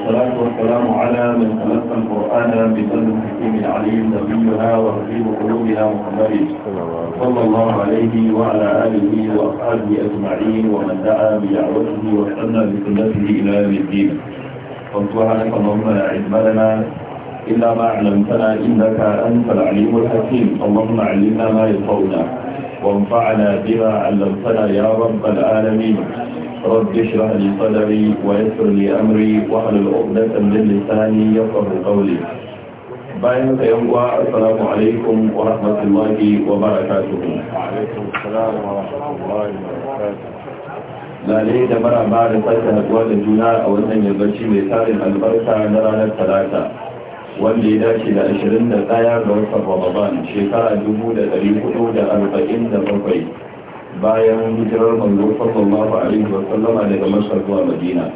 والصلاة والسلام على من تلقى القرآن بسند الحكيم العليم نبيها ورحيم قلوبها محمد صلى الله عليه وعلى آله وأصحابه أجمعين ومن دعا بدعوته واستنى بسنته إلى يوم الدين فسبحانك اللهم لا علم لنا إلا ما علمتنا إنك أنت العليم الحكيم اللهم علمنا ما ينفعنا وانفعنا بما علمتنا يا رب العالمين رب اشرح لي صدري ويسر لي أمري واحلل عقدة من لساني يفقه قولي bayan da yan uwa assalamu alaikum wa rahmatullahi wa barakatuh alaikum assalam wa rahmatullahi wa barakatuh lalle da maraba da sake haduwa da juna a wannan yammaci mai tarin albarka na ranar talata wanda ya dace da ashirin da tsaya ga watan ramadan shekara dubu da da da hudu arba'in bakwai. bayan hijirar manzo sallallahu alaihi wa daga masar zuwa madina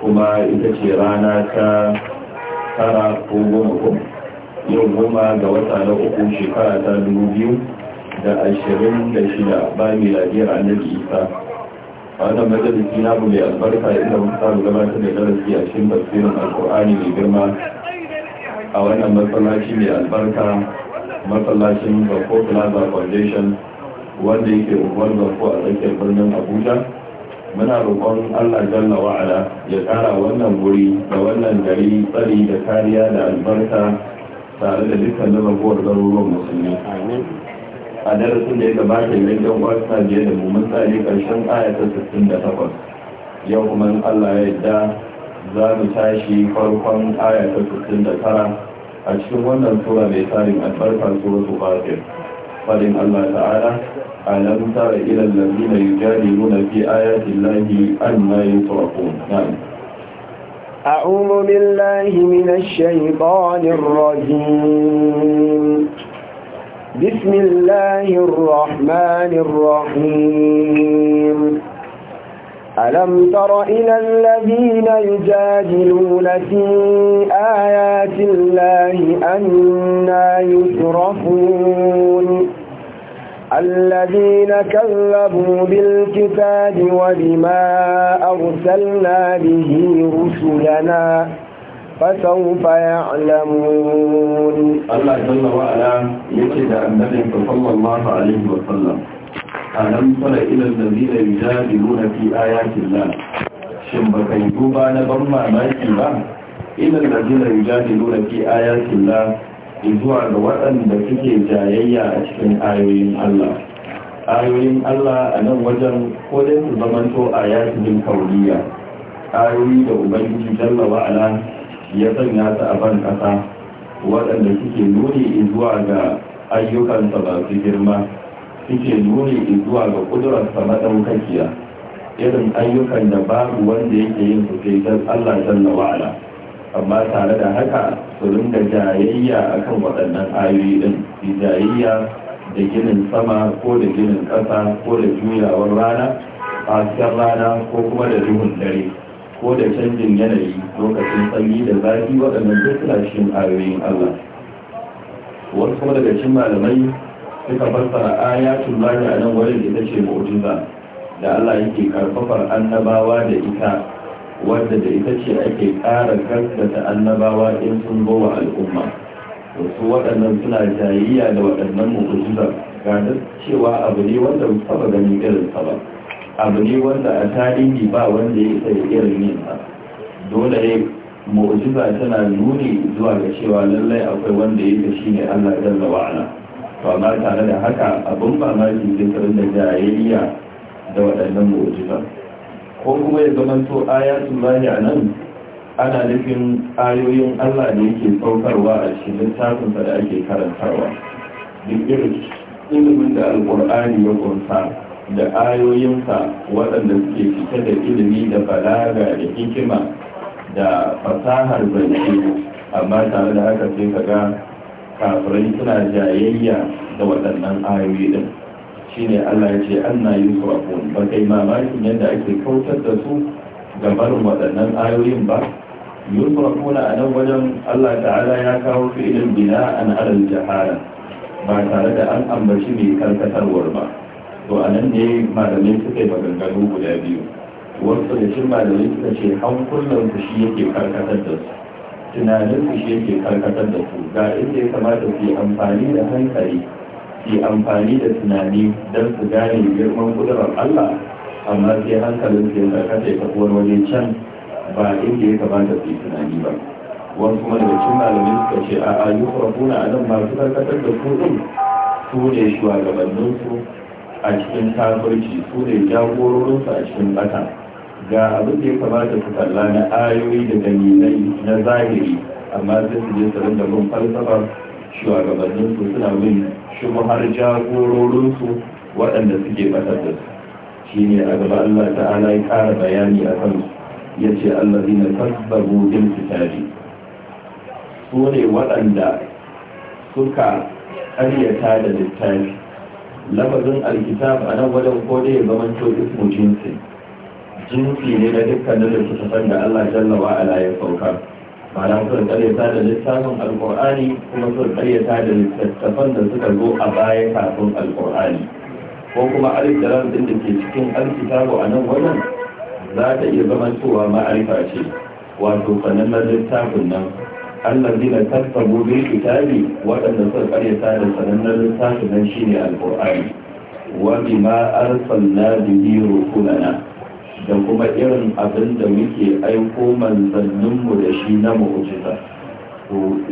kuma ita ce rana ta tara ko goma ko yau goma ga wata na uku shekara ta dubu biyu da ashirin da shida ba miladiyar annabi isa a wannan majalisi na mu mai albarka inda mun samu gabatar da darasi a cikin tafsirin alkur'ani mai girma a wannan masallaci mai albarka masallacin bako plaza foundation wanda yake unguwar zarko a tsakiyar birnin abuja muna rokon allah jalla wa'ala ya kara wannan wuri da wannan gari tsari da kariya da albarka tare da dukkan ragowar garuruwan musulmi a darasin da ya gabata idan yan wasa biye da mu mun tsari karshen ayata 68 yau kuma allah ya yadda za mu tashi farkon ayata 69 a cikin wannan tura mai tsarin albarka suratul fatir قال الله تعالى ألم تر إلى الذين يجادلون في آيات الله أنى يتركون نعم أعوذ بالله من الشيطان الرجيم بسم الله الرحمن الرحيم ألم تر إلى الذين يجادلون في آيات الله أنا يترفون الذين كذبوا بالكتاب وبما أرسلنا به رسلنا فسوف يعلمون الله جل وعلا يجد النبي صلى الله عليه وسلم ألم تر إلى الذين يجادلون في آيات الله شبك يتوبى لبما ماكي إلى الذين يجادلون في آيات الله zuwa ga waɗanda suke jayayya a cikin ayoyin Allah ayoyin Allah a nan wajen ko dai su zamanto a yasirin kauriya ayoyi da ubangiji jalla wa'ala ya sanya su a ban ƙasa waɗanda suke nuni zuwa ga ayyukansa ba su girma suke nuni zuwa ga ƙudurarsa maɗaukakiya irin ayyukan da babu wanda yake yin su sai Allah jalla wa'ala amma tare da haka sulun da jayayya akan waɗannan ayoyi ɗin da jayayya da ginin sama ko da ginin ƙasa ko da juyawar rana hasken rana ko kuma da duhun dare ko da canjin yanayi lokacin sanyi da zafi waɗannan duk suna cikin ayoyin Allah wasu kuma daga cikin malamai suka fassara aya lahi a nan wurin ita ce mu'jiza da Allah yake karfafar annabawa da ita wadda da ita ce ake ƙara gaskata annabawa in sun zo wa al'umma wasu waɗannan suna jayayya da waɗannan mu'ujiza ga cewa abu ne wanda saba ganin irin sa ba abu ne wanda a tarihi ba wanda ya isa irin yin sa dole ne mu'ujiza tana nuni zuwa ga cewa lallai akwai wanda ya shi ne Allah jalla wa'ala to amma tare da haka abun shi zai karin da jayayya da waɗannan mu'ujiza. ko kuma ya zama to ayatun lahi a nan ana nufin ayoyin allah da yake saukarwa a cikin littafinsa da ake karantarwa duk irin ilimin da alkur'ani ya kunsa da ayoyinsa waɗanda suke cike da ilimi da balaga da hikima da fasahar zance amma tare da haka sai ka ga kafirai suna jayayya da waɗannan ayoyi din shine Allah ya ce anna yusrafun ba kai mamakin yadda ake kautar da su ga barin waɗannan ayoyin ba yusrafun a nan wajen Allah ta'ala ya kawo fi'ilin bina an alal jahala ba tare da an ambaci mai karkatarwar ba to a nan ne malamai suka yi maganganu guda biyu wasu da shi malamai suka ce hankulan su shi yake karkatar da su tunanin shi yake karkatar da su ga inda ya kamata su yi amfani da hankali ke amfani da tunani don su gane girman kudurar Allah amma sai hankalin su da ka ya kafuwar waje can ba inda ya kamata su yi tunani ba wasu kuma daga cikin malamin suka ce a ayyukan kuna a nan masu karkatar da kudin su ne shugabanninsu a cikin kafirci su ne jagororinsu a cikin bata ga abin da ya kamata su kalla na ayoyi da dalilai na zahiri amma sai su je su rinda bin falsafar shugabanninsu suna bin har jagororinsu waɗanda suke batar da su shi ne a gaba Allah ta'ala ya ƙara bayani a kan ya ce Allah zina tasbabu bin fitari su ne waɗanda suka ƙaryata da littafi lafazin alkitab a nan wajen ko dai ya zama to ismu jinsi jinsi ne na dukkanin da suka san da Allah jalla wa ala ya ma'ana sun karyata da littafin alkur'ani kuma sun karyata da littattafan da suka zo a baya kafin alkur'ani ko kuma alkitab din da ke cikin alkitabu a nan wajen za ta iya zama cewa ma'arifa ce wato sanannen littafin nan allah zina tattabo bil kitabi waɗanda sun karyata da sanannen littafin nan shine alkur'ani wa bima arsalna bihi rusulana da kuma irin abin da muke aiko manzanninmu da shi na mu'ujiza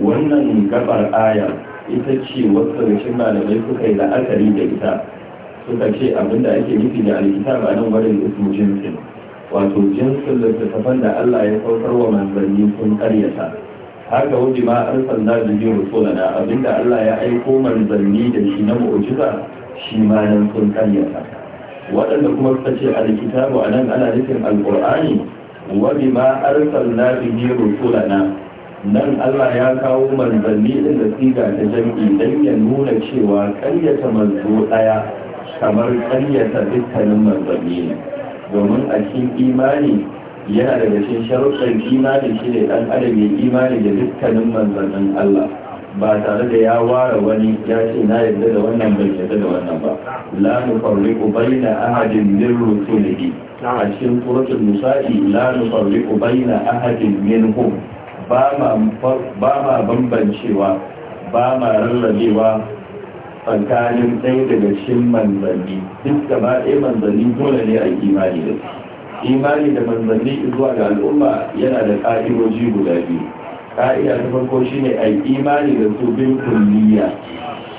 wannan gabar aya ita ce wasu rikin malamai suka yi la'akari da ita suka ce abin da ake nufi da alkitab a nan wurin ismu jinsin wato jinsin littattafan da Allah ya saukar wa manzanni sun karyata haka wuce ma an sanda da jin rusulana abinda Allah ya aiko manzanni da shi na mu'ujiza shi ma nan sun karyata waɗanda kuma suka ce alkitabu anan ana nufin Alkur'ani, wa bima arsalna bihi rusulana nan Allah ya kawo manzanni din da siga ta jam'i dan ya nuna cewa ƙaryata manzo ɗaya kamar ƙaryata dukkanin manzanni ne domin a cikin imani yana daga cikin sharuɗan imani shi ne ɗan adam ya imani da dukkanin manzannin Allah ba tare da ya ware wani ya ce na yarda da wannan bai yarda da wannan ba la nufarriqu baina ahadin min rusulihi a cikin suratul nisa'i la nufarriqu baina ahadin minhum ba ma ba ma bambancewa ba ma rarrabewa tsakanin ɗaya daga cikin manzanni duk gaba ɗaya manzanni dole ne a imani da imani da manzanni zuwa ga al'umma yana da ƙa'idoji guda biyu ka'ida ta farko shine a imani da su bin kulliya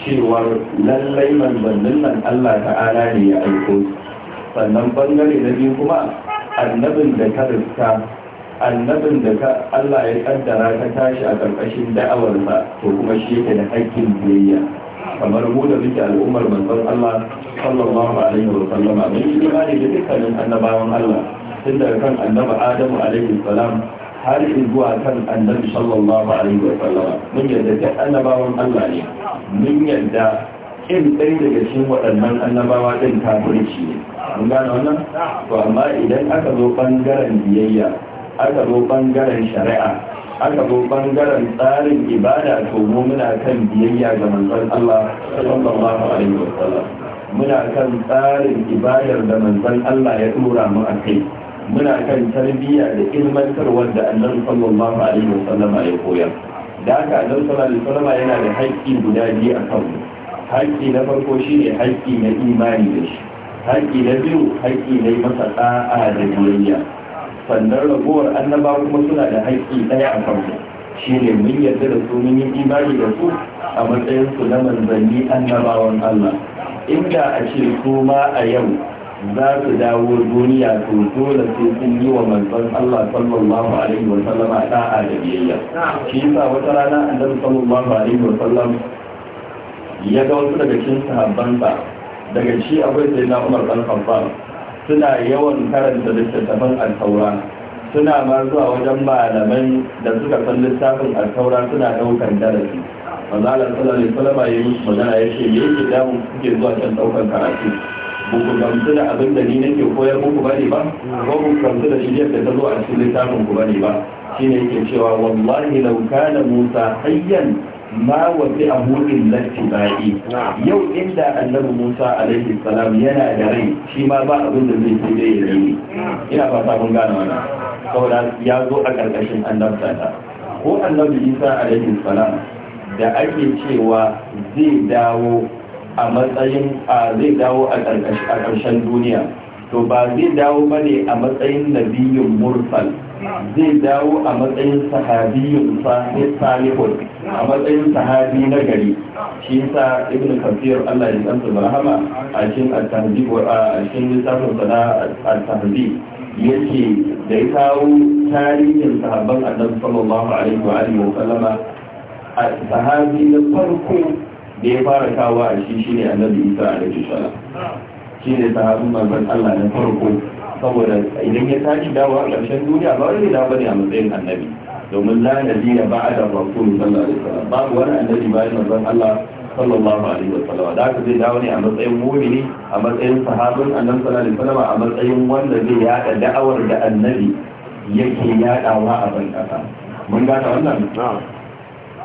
cewar lallai manzannin nan Allah ta'ala ne ya aiko sannan bangare na biyu kuma annabin da ka riska annabin da ka Allah ya kaddara ka tashi a ƙarƙashin da'awarsa to kuma shi yake da haƙƙin biyayya kamar mu da muke al'ummar manzon Allah sallallahu alaihi wa sallama mun yi imani da dukkanin annabawan Allah tun daga kan annabi Adamu alaihi salam har zuwa kan annabi sallallahu alaihi wa sallama mun yarda da annabawan Allah ne mun yarda kin ɗaya daga cikin waɗannan annabawa din kafirci ne mun gane wannan to amma idan aka zo bangaren biyayya aka zo bangaren shari'a aka zo bangaren tsarin ibada to mu muna kan biyayya ga manzon Allah sallallahu alaihi wa sallam muna kan tsarin ibadar da manzon Allah ya dora mu a kai muna kan tarbiyya da ilmantarwar da annabi sallallahu alaihi wasallam ya koya. da haka annabi sallallahu alaihi wasallam yana da haƙƙi guda biyu a kanmu haƙƙi na farko shine haƙƙi na imani da shi haƙƙi na biyu haƙƙi na masa da'a da biyayya sannan ragowar annaba kuma suna da haƙƙi ɗaya a kanmu shine mun yarda da su mun yi imani da su a matsayinsu na manzanni annabawan Allah inda a ce su ma a yau za su dawo duniya to dole sai sun yi wa manzon Allah sallallahu alaihi wa sallama da'a da biyayya shi yasa wata rana annabi sallallahu alaihi wa sallam ya ga wasu daga cikin sahabbansa daga shi akwai sai na Umar bin Khattab suna yawan karanta littattafan al-Tawra suna ma zuwa wajen malaman da suka san littafin al-Tawra suna daukar darasi Allah sallallahu alaihi wa sallama ya yi musu magana ya ce me yake damun kuke zuwa can daukar karatu ku gamsu da abin da ni nake koyar muku bane ba ko ku gamsu da shi yadda ta zo a cikin littafin ku bane ba shine yake cewa wallahi law kana musa hayyan ma wasi abu illati ba'i yau inda annabi musa alaihi salam yana da rai shi ma ba abin da zai ce dai yayi ina fata mun gane wannan saboda ya zo a karkashin annabta ta ko annabi isa alaihi salam da ake cewa zai dawo a matsayin a zai dawo a ƙarshen duniya to ba zai dawo ba ne a matsayin nabiyin mursal zai dawo a matsayin sahabiyun salihun a matsayin sahabi na gari shi sa ibn kafir Allah ya tsanta barhama a cikin at-tahzib a cikin littafin sana at-tahzib yace da ya kawo tarihin sahabban annabi sallallahu alaihi wa alihi wa sallama sahabi na farko da ya fara kawo a shi ne annabi isa shi ne ta sahabin manzon Allah na farko saboda idan ya tashi dawo a ƙarshen duniya ba wani da bane a matsayin annabi domin la nabiyya ba'da rasul sallallahu alaihi ba babu wani annabi ya manzon Allah sallallahu alaihi wasallam da haka zai dawo ne a matsayin mu'mini a matsayin sahabin annabi sallallahu alaihi wasallam a matsayin wanda zai yada da'awar da annabi yake yadawa a ban ƙasa mun gane wannan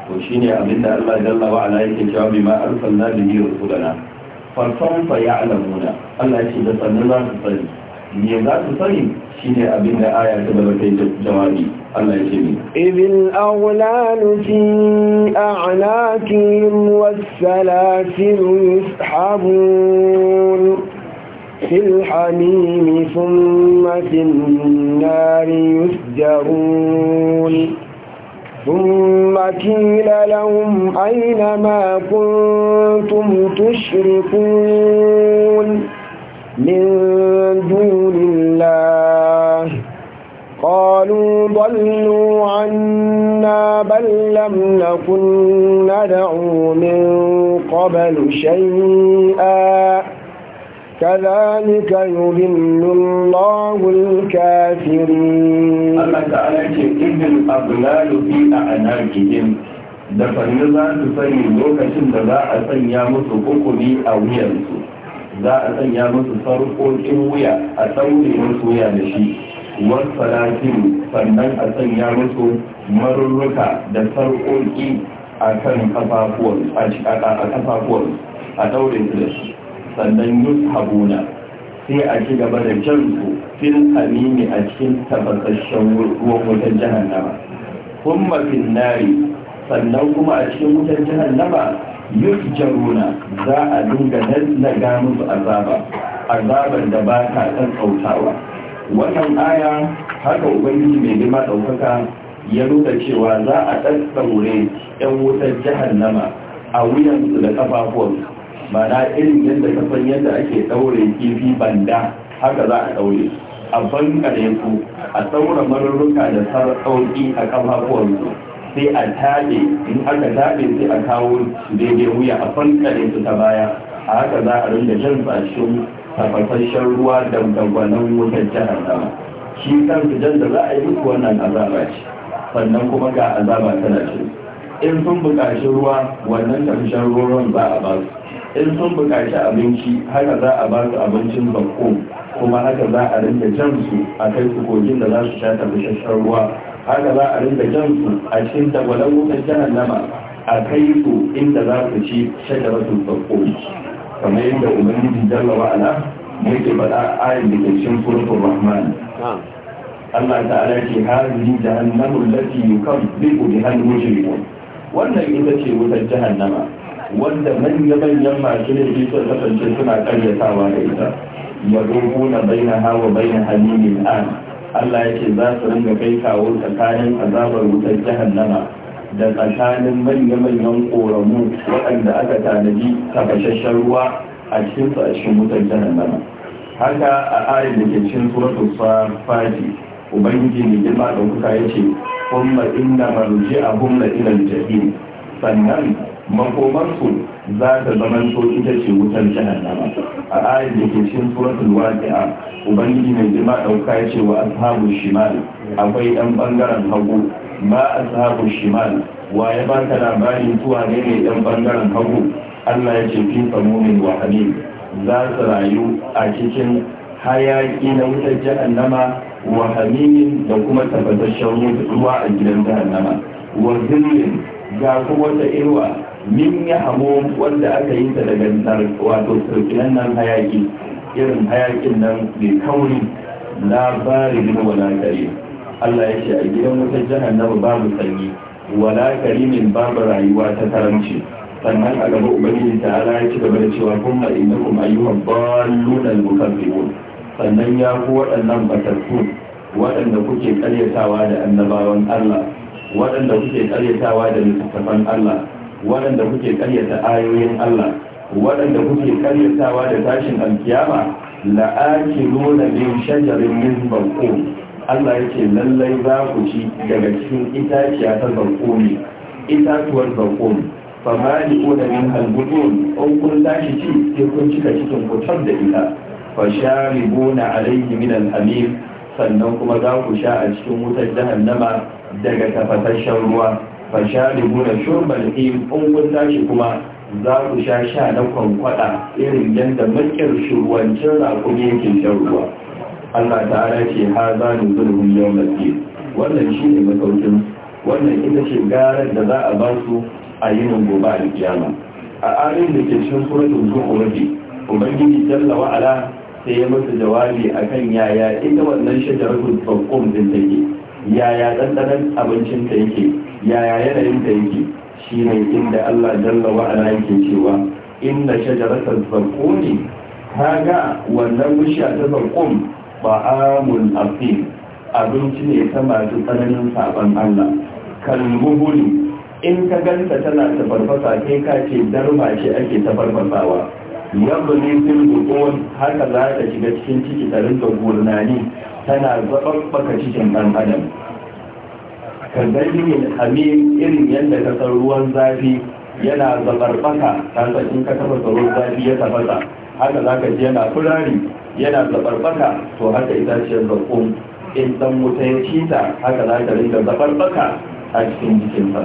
to shi shine abinda Allah jalla wa ala yake cewa bima arsalna bihi rasulana farfan fa ya'lamuna Allah ya ce da sannan za su sani me za su sani shine abin da aya ta gaba ta jawabi Allah ya ce ni idil aghlalu fi a'naqihim was-salasil yushabun في الحميم ثم في النار يسجرون ثم قيل لهم أين ما كنتم تشركون من دون الله قالوا ضلوا عنا بل لم نكن ندعو من قبل شيئا كذلك يضل الله الكافرين الله تعالى إذ الأغلال في أعناقهم da fanni za su sani lokacin da za a sanya musu hukumi a wuyansu za a sanya musu sarƙoƙin wuya a sauke musu wuya da shi wasalatin sannan a sanya musu marurruka da sarƙoƙi a kan kafafuwan a daure su da su sannan Habuna sai a ci gaba da jan su fil amini a cikin tafasasshen ruwan wutan jahannama kun mafin nari sannan kuma a cikin wutan jahannama Jaruna za a dinga na lallaga musu azaba azabar da ba ta ɗan tsautawa. wannan aya haka ubangiji mai girma ɗaukaka, ya nuna cewa za a ɗaɗɗaure 'yan wutar jahannama a su da ƙafafuwansu mana irin yadda ka san yadda ake ɗaure kifi banda haka za a ɗaure a bankare su a saura marurruka da sarauki a su sai a taɗe in aka taɗe sai a kawo daidai wuya a bankare su ta baya a haka za a rinda jan fashin tafasasshen ruwa da gwanon wutar jihar sama shi kansu jan da za a yi duk wannan azaba ce sannan kuma ga azaba tana ce in sun buƙaci ruwa wannan tafashen ruwan za a ba su in sun buƙaci abinci haka za a ba su abincin bako kuma haka za a rinda jan su a kai su kogin da za su sha tabbataccen ruwa haka za a rinda jan su a cikin tagwalar wutar nama a kai su inda za su ci su bako kamar yadda ubangiji jalla wa'ala muke faɗa ayin da ke cikin surutun rahman Allah ta'ala ce hazihi jahannamu allati yukazzibu biha al-mujrimun wannan ita ce wutar jahannama wanda manya-manyan masu laifi sun kasance suna karyatawa da ita ya dogo na na hawa na halimin an Allah ya ce za su ringa kai kawo tsakanin azabar wutar jahannama da tsakanin manya-manyan ƙoramu waɗanda aka tanadi tafashashen ruwa a cikin su a cikin wutar jahannama haka a ayar da ke cikin suratul fadi ubangiji ne girma da kuka ya ce kuma inna marji'ahum a humna al-jahim sannan makomarsu za ta zamanto ita ce wutar jahannama a ayar da ke cikin suratul waqi'a ubangiji mai girma dauka ya ce wa ashabu shimal akwai ɗan bangaren hagu ba ashabu shimal wa ya ba ka labarin zuwa ne mai ɗan bangaren hagu Allah ya ce fi samumin wa hamim za su rayu a cikin hayaki na wutar jahannama wa hamimin da kuma tabbataccen ruwa a gidan jahannama wa zillin ga kuma wata irwa min ya hamo wanda aka yi ta daga wato turkinan nan hayaki irin hayakin nan mai kauri labari ne wala kare Allah ya ce a gidan wata nawa babu sanyi wala min babu rayuwa ta karanci sannan a gaba ubangiji ta ala ya ci gaba da cewa kuma innakum ayyuhan dallun al-mukazzibun sannan ya ku waɗannan batattu waɗanda kuke karyatawa da annabawan Allah waɗanda kuke karyatawa da littattafan Allah waɗanda kuke ƙaryata ayoyin Allah waɗanda kuke ƙaryatawa da tashin alkiyama la'akiluna min shajarin min balqum Allah yake lallai za ku ci daga cikin itaciya ta itatuwar balqumi famali una min halbutun in kun tashi ci sai kun cika cikin kutar da ita fa sharibuna alayhi min alhamim sannan kuma za ku sha a cikin wutar jahannama daga tafasashen ruwa fashari guda shurbal in kun tashi kuma za ku sha sha na kwankwada irin yadda makyar shurwancin rakumi yake shan ruwa Allah ta'ala ce ha za ni yau yawmal ke wannan shi ne masaukin wannan ita ce garar da za a ba su a yi gobe a kiyama a arin da ke cikin suratul ubangiji jalla wa ala sai ya masa jawabi akan yaya ita wannan shajarar faqqum din take yaya ɗanɗanar abincin ta yake yaya yanayin da yake shi ne inda Allah jalla wa ala yake cewa inna shajaratal Ta kaga wannan bishiya ta zarqum ba'amul aqim abinci ne ta masu tsananin saban Allah kalmuhuli in ka ganta tana tafarfasa kai ka ce darba ce ake tafarfasawa yabba ne sun gudun haka za ta shiga cikin ciki ta rinka gurnani tana zaɓaɓɓaka cikin ɗan adam ka dalilin hamim irin yadda kasar ruwan zafi yana zabarbaka kasar in ka tafasa ruwan zafi ya tafasa haka za ka ji yana furari yana zabarbaka to haka ce zakkum in dan wuta ya cita haka za ka rinka zabarbaka a cikin jikinsa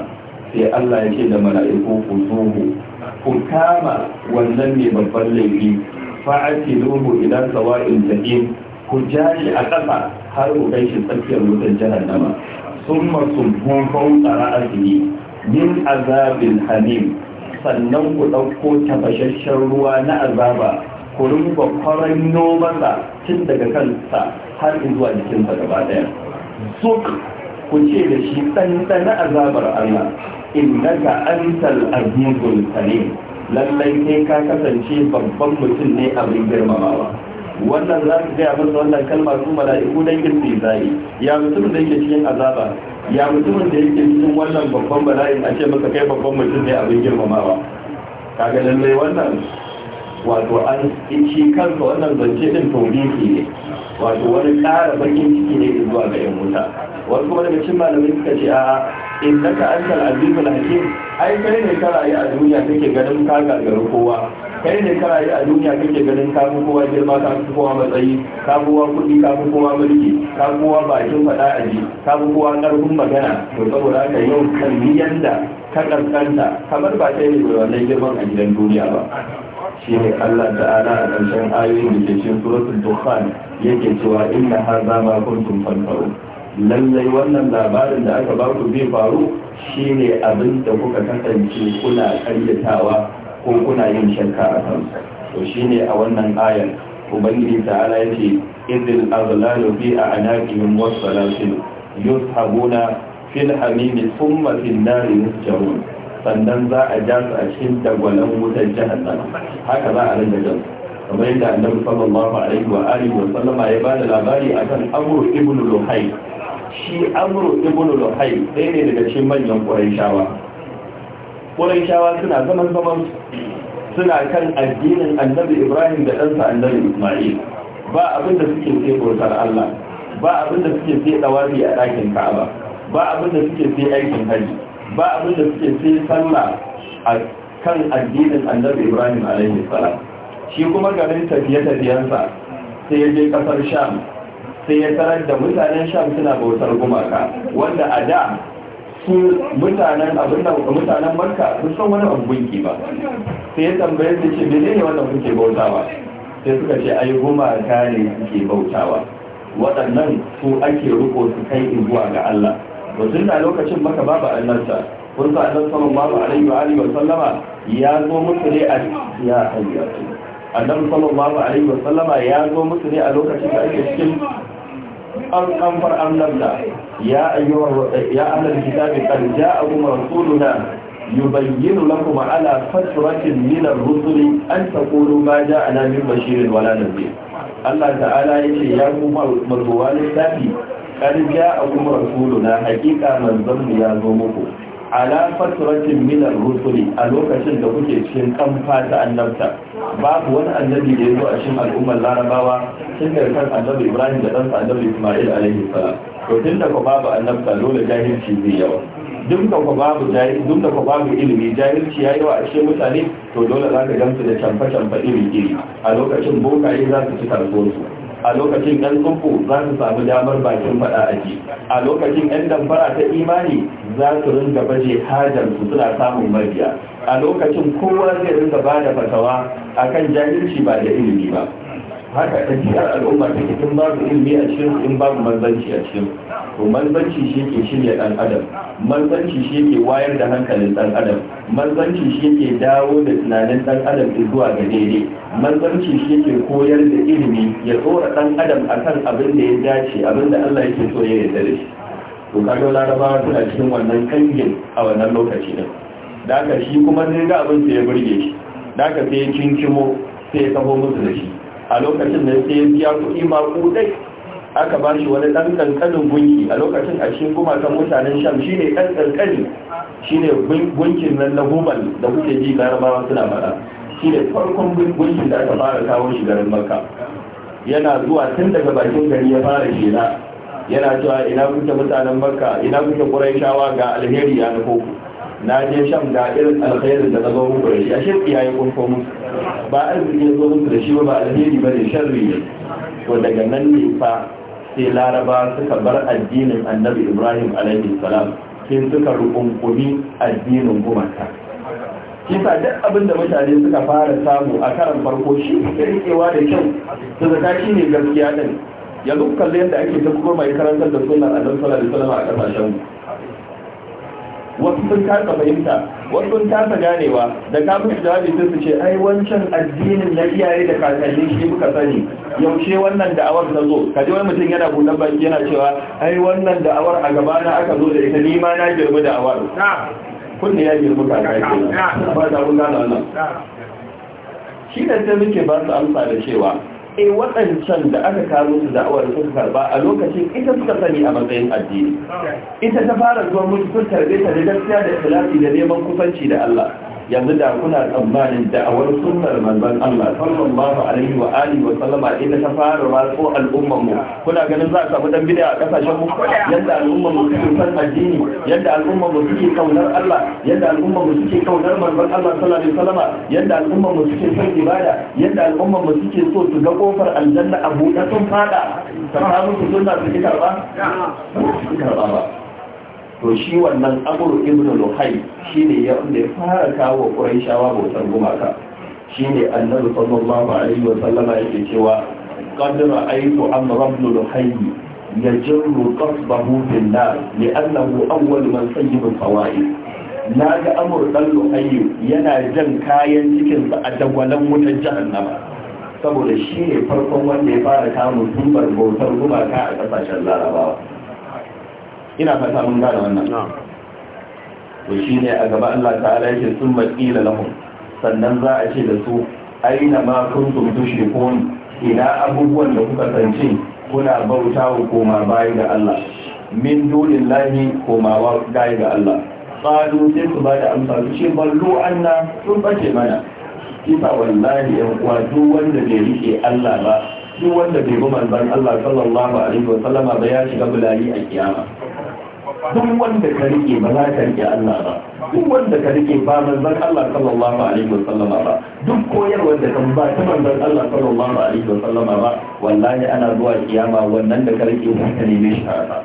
sai Allah ya ce da mala'iku ku zuhu ku kama wannan mai babban laifi zuhu idan sawa'il jahim ku ja a ƙasa har ku kai shi tsakiyar janar jahannama summa sulhun fauka ra'asihi min azabin halim sannan ku ɗauko tafashashen ruwa na azaba ku rumba kwaran nomansa tun daga kansa har zuwa jikinsa gaba ɗaya suk ku ce da shi ɗanɗana azabar Allah innaka antal azizul karim lallai sai ka kasance babban mutum ne abin girmamawa wannan za ka gaya masa wannan kalma su mala'iku dan girbi zai ya mutumin da yake cikin azaba ya mutumin da yake cikin wannan babban bala'in a ce maka kai babban mutum ne abin girmamawa kaga lallai wannan wato an ci kansa wannan zance din tauriki ne wato wani ƙara bakin ciki ne zuwa ga yan wuta wasu wani daga cin malamai suka ce a innaka antal azizul hakim ai kai ne ka yi a duniya kake ganin ka gagaru kowa kai ne ka yi a duniya kake ganin ka fi kowa girma ka fi kowa matsayi ka fi kowa kuɗi ka fi kowa mulki ka fi kowa bakin faɗa a ji ka fi kowa ƙarfin magana to saboda haka yau kan yanda ka ƙarƙanta kamar ba kai ne mai wannan girman a gidan duniya ba shi ne Allah ta'ala a ƙarshen ayoyin da ke dukkan suratul dukhan yake cewa inna hadha ma kuntum tanfaru lallai wannan labarin da aka baku zai faru shine abin da kuka kasance kuna karyatawa ko kuna yin shakka a kansa to shine a wannan ayar ubangiji ta'ala yace idil azlalu fi a'naqihim was salasil yushabuna fil hamimi thumma fil nari yusjarun sannan za a ja su a cikin dagwalon wutar jahannama haka za a rinda jan kamar yadda annabi sallallahu alaihi wa alihi wa sallama ya bada labari akan amru ibn luhai shi amru ibn luhai ɗaya ne daga cikin manyan quraishawa quraishawa suna zaman zaman suna kan addinin annabi ibrahim da ɗansa annabi isma'il ba abin da suke sai bautar allah ba abin da suke sai dawafi a ɗakin ka'aba ba abin da suke sai aikin hajji ba abin da suke sai sallah a kan addinin annabi ibrahim alaihi salam shi kuma garin tafiye-tafiyensa sai ya je kasar sham sai ya tarar da mutanen sham suna bautar gumaka wanda a da su mutanen abin da mutanen marka sun san wani abunki ba sai ya tambaye su ce mene ne wannan kuke bautawa sai suka ce ai gumaka ne suke bautawa waɗannan su ake riko su kai zuwa ga Allah mutum na lokacin maka babu annarsa kun sa annar sallallahu alaihi wa alihi wa sallama ya zo musu ne a ya ayyatu annar sallallahu alaihi wa sallama ya zo musu ne a lokacin da ake cikin an kamfar annabta ya ayyuwar ya annal kitabi qad ja'akum rasuluna yubayyinu lakum ala fatratin min ar-rusuli an taqulu ma ja'ana min bashirin wala nadhir Allah ta'ala yace ya kuma mazuwa lissafi قد na رسولنا حقيقة من ya zo muku ala fatratin min ar-rusuli a lokacin da kuke cikin kamfa fata annabta babu wani annabi da yazo a cikin al'ummar larabawa tun da kan annabi Ibrahim da ɗansa annabi Isma'il alaihi salam to tun da ko babu annabta dole jahilci zai yawa duk da ko babu jahil duk da ko babu ilimi jahilci yayi wa a cikin mutane to dole za ka gamsu da canfa canfa iri iri a lokacin bokaye za su ci kasuwarsu a lokacin ɗan tsunfu za su samu damar bakin faɗa a ji a lokacin ɗan damfara ta imani za su ringa baje hajar su suna samun mabiya a lokacin kowa zai ringa ba da fatawa akan jahilci ba da ilimi ba haka ɗabi'ar al'umma tun ba babu ilimi a cikin in babu manzanci a cikin to manzanci shi ke shirya dan adam manzanci shi ke wayar da hankalin ɗan adam manzanci shi ke dawo da tunanin ɗan adam zuwa ga daidai manzanci shi ke koyar da ilimi ya tsora ɗan adam akan abin da ya dace abin da Allah yake so ya yarda da shi to kaga larabawa suna cikin wannan kangin a wannan lokaci din da shi kuma sai ga abin da ya burge shi da sai ya sai ya kafo musu da shi a lokacin da sai ya biya kuɗi ma kudai aka ba shi wani ɗan ƙanƙanin gunki a lokacin a cikin gumakan mutanen sham shi ne ɗan ƙanƙani shi ne gunkin nan na guban da kuke ji larabawa suna mara shi ne farkon gunkin da aka fara kawo shi garin makka yana zuwa tun daga bakin gari ya fara shela yana cewa ina kuke mutanen makka ina kuke ƙuraishawa ga alheri ya na ku na je sham ga irin alkhairin da na zo muku da shi a shirki ya yi kunfo musu ba arziki ya zo musu da shi ba ba alheri ba ne sharri ne to daga nan ne fa sai laraba suka bar addinin annabi ibrahim alaihi salam sai suka rukunkumi addinin gumaka kisa duk abin da mutane suka fara samu a karan farko shi da rikewa da kyau su zaka shi ne gaskiya din yanzu kalle yadda ake ta kuma mai karantar da sunan annabi sallallahu alaihi wasallam a kasashen mu wasu sun kasa fahimta wasu sun kasa ganewa da ka musu jawabi sun su ce ai wancan addinin na iyaye da kakanni shi muka sani yaushe wannan da'awar ta zo ka ji wani mutum yana buɗe baki yana cewa ai wannan da'awar a gaba na aka zo da ita ni ma na girma da'awar Kun ne ya girma kakaki ba da wannan shi da sai muke ba su amsa da cewa e waɗancan da aka karo su da'awar suka karba a lokacin ita suka sani a matsayin addini ita ta fara zuwa mutu sun tarbe ta da gaskiya da ikhlasi da neman kusanci da Allah yanzu da kuna tsammanin da'awar sunnar manzon Allah sallallahu alaihi wa alihi wa sallama inda ta fara ratso al'ummar mu kuna ganin za a samu dan bid'a a kasashen mu yadda al'ummar mu suke san addini yadda al'ummar mu suke kaunar Allah yanda al'ummar mu suke kaunar manzon Allah sallallahu alaihi wa sallama yadda al'ummar mu suke son ibada yanda al'ummar mu suke so su ga kofar aljanna a buɗe sun fada ta samu su sunna su ki karba ba to shi wannan amur ibn luhai shi ne ya fara kawo shawa bautar gumaka shi ne annabi sallallahu alaihi wa sallama yake cewa qadra aitu amr ibn luhai yajru qasbahu fil nar annahu awwal man sayyib al-fawaid na ga amur dan luhai yana jan kayan cikin sa a dagwalan wutar jahannama saboda shi ne farkon wanda ya fara kamun tumbar bautar gumaka a kasashen larabawa ina fata mun gane wannan to shi ne a gaba Allah ta'ala yake sun maƙila lahum sannan za a ce da su aina ma kuntum tushrikun ina abubuwan da kuka tsanci kuna bauta wa koma bayi ga Allah min dunin lahi komawa gayi ga Allah qalu sai su ba da amsa su ce ballu anna sun bace mana kisa wallahi yan uwa duk wanda bai rike Allah ba duk wanda bai bi manzon Allah sallallahu alaihi wa sallama ba ya shiga bulali a kiyama duk wanda ka rike ba za ka rike Allah ba duk wanda ka rike ba manzon Allah sallallahu alaihi wasallama ba duk koyarwar da kan ba ta manzon Allah sallallahu alaihi wasallama ba wallahi ana zuwa kiyama wannan da ka rike ba ka neme shi haka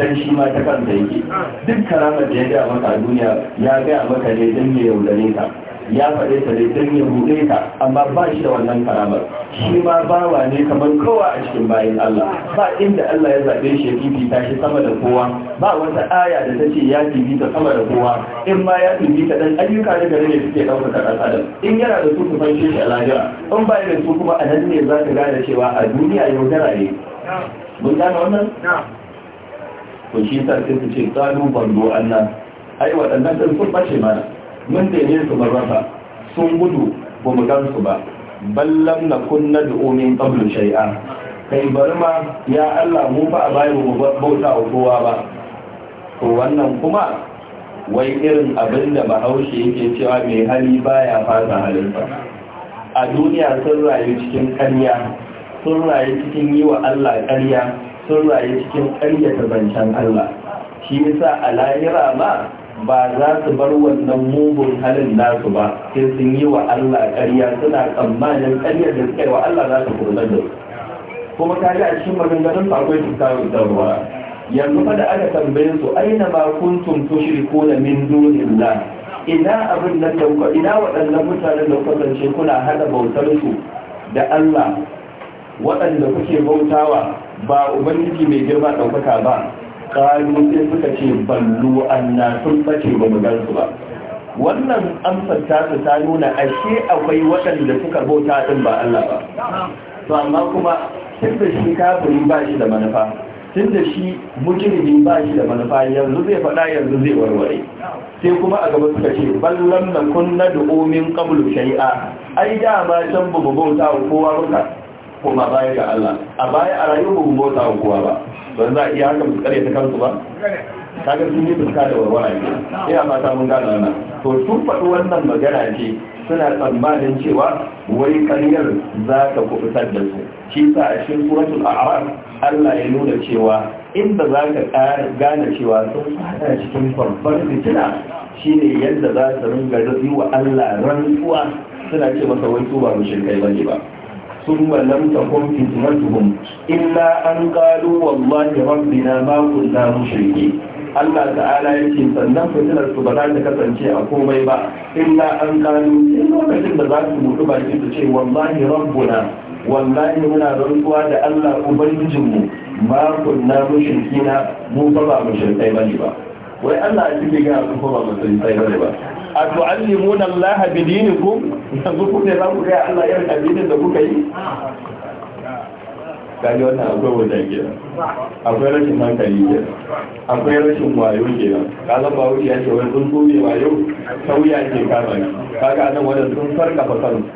dan shi ma ta kanta yake duk karamar da ya ga maka a duniya ya ga maka ne dan ya yaudare ka ya faɗe ta dai don ya buɗe ta amma ba shi da wannan karamar shi ma bawa ne kamar kowa a cikin bayan Allah ba inda Allah ya zaɓe shi ya fifita shi sama da kowa ba wata aya da ta ce ya fifita sama da kowa in ma ya fifita ɗan ayyuka da gare ne suke ɗaukaka ɗan adam in yana da su su shi a lahira in ba da su kuma a nan ne za ka gane cewa a duniya yaudara ne mun gane wannan to shi sa sai su ce tsalu bando annan ai waɗannan sun bace mana mun neme su sun gudu ba mu gan su ba ballam na kunna omin qablu shari'a. kai bari ma ya Allah mu ba a bayan mu bauta wa kowa ba to wannan kuma wai irin abin da bahaushe yake cewa mai hali baya fasa halinsa a duniya sun rayu cikin ƙarya sun rayu cikin yi wa Allah ƙarya sun rayu cikin ƙaryata zancen Allah shi yasa a lahira ma ba za su bar wannan mugun halin nasu ba sai sun yi wa Allah ƙarya suna tsammanin ƙaryar da suka yi wa Allah za su kurnar da su kuma ta yi a cikin maganganun ba akwai cuta da ruwa yanzu fa da aka tambaye su aina ma kuntum na min dunillah ina abin nan da ina waɗannan mutanen da kuka kasance kuna hada bautar su da Allah waɗanda kuke bautawa ba ubangiji mai girma ɗaukaka ba kalu sai suka ce ballu anna sun bace ba mu gan su ba wannan amsar ta su ta nuna ashe akwai waɗanda suka bauta din ba Allah ba to amma kuma tun da shi kafiri ba shi da manufa tun da shi mujrimi ba shi da manufa yanzu zai faɗa yanzu zai warware sai kuma a gaba suka ce ballan na kun na min qablu shay'a ai da ba can bauta kowa ba kuma baya ga Allah a baya a rayuwa mu bauta kowa ba ba za a iya haka su ta kansu ba kaga sun yi fuska da warwara ne ina fata mun gane wannan to sun faɗi wannan magana ce suna tsammanin cewa wai karyar za ta kubutar da su shi sa a cikin suratul a'raf Allah ya nuna cewa inda za ka gane cewa sun fada cikin babbar fitina shine yadda za su ringa yi wa Allah rantsuwa suna ce masa wai su ba shirkai bane ba ثم لم تكن فتنتهم إلا أن قالوا والله ربنا ما كنا مشركين Allah ta'ala ya ce sannan fitilar su ba za ta kasance a komai ba illa an kanu sai lokacin da za su mutu baki su ce wallahi rabbuna wallahi muna rantsuwa da Allah ubangijinmu ma kunna mushrikina mu ba ba mushrikai bane ba wai Allah a cikin ga su kuma ba su sai bane ba a tu'allimuna Allah bi dinikum yanzu ku ne za ku ga Allah 'yan addinin da kuka yi kaji wannan akwai wata gida akwai rashin hankali gida akwai rashin wayo gida kalan ba wuce ya ce wani sun tsobe wayo Sauya wuya ke kama ne kaga nan wadanda sun farkafa kansu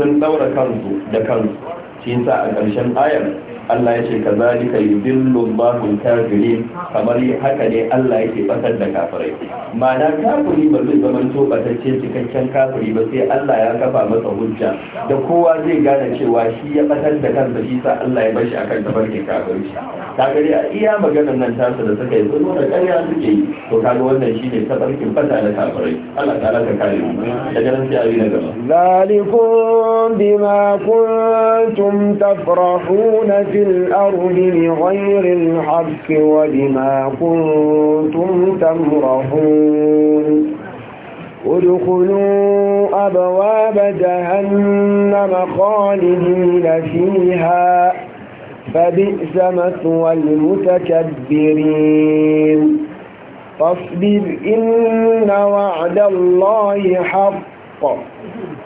sun daura kansu da kansu shi sa a ƙarshen ayar Allah ya ce ka yi yudillu Allahul kafirin kamar haka ne Allah yake batar da kafirai ma'ana kafiri ba zai zama to batacce cikakken kafiri ba sai Allah ya kafa masa hujja da kowa zai gane cewa shi ya batar da kansa shi sa Allah ya bar shi akan ke kafirci Ta gari a iya maganar nan tasa da suka yi zuwa da ƙarya suke yi to ga wannan shi shine tabarkin fata da kafirai Allah ta laka kare mu da ganin sai na gaba zalikum bima kuntum tafrahuna في الأرض بغير الحق وبما كنتم تمرحون ادخلوا أبواب جهنم خالدين فيها فبئس مثوى المتكبرين فاصبر إن وعد الله حق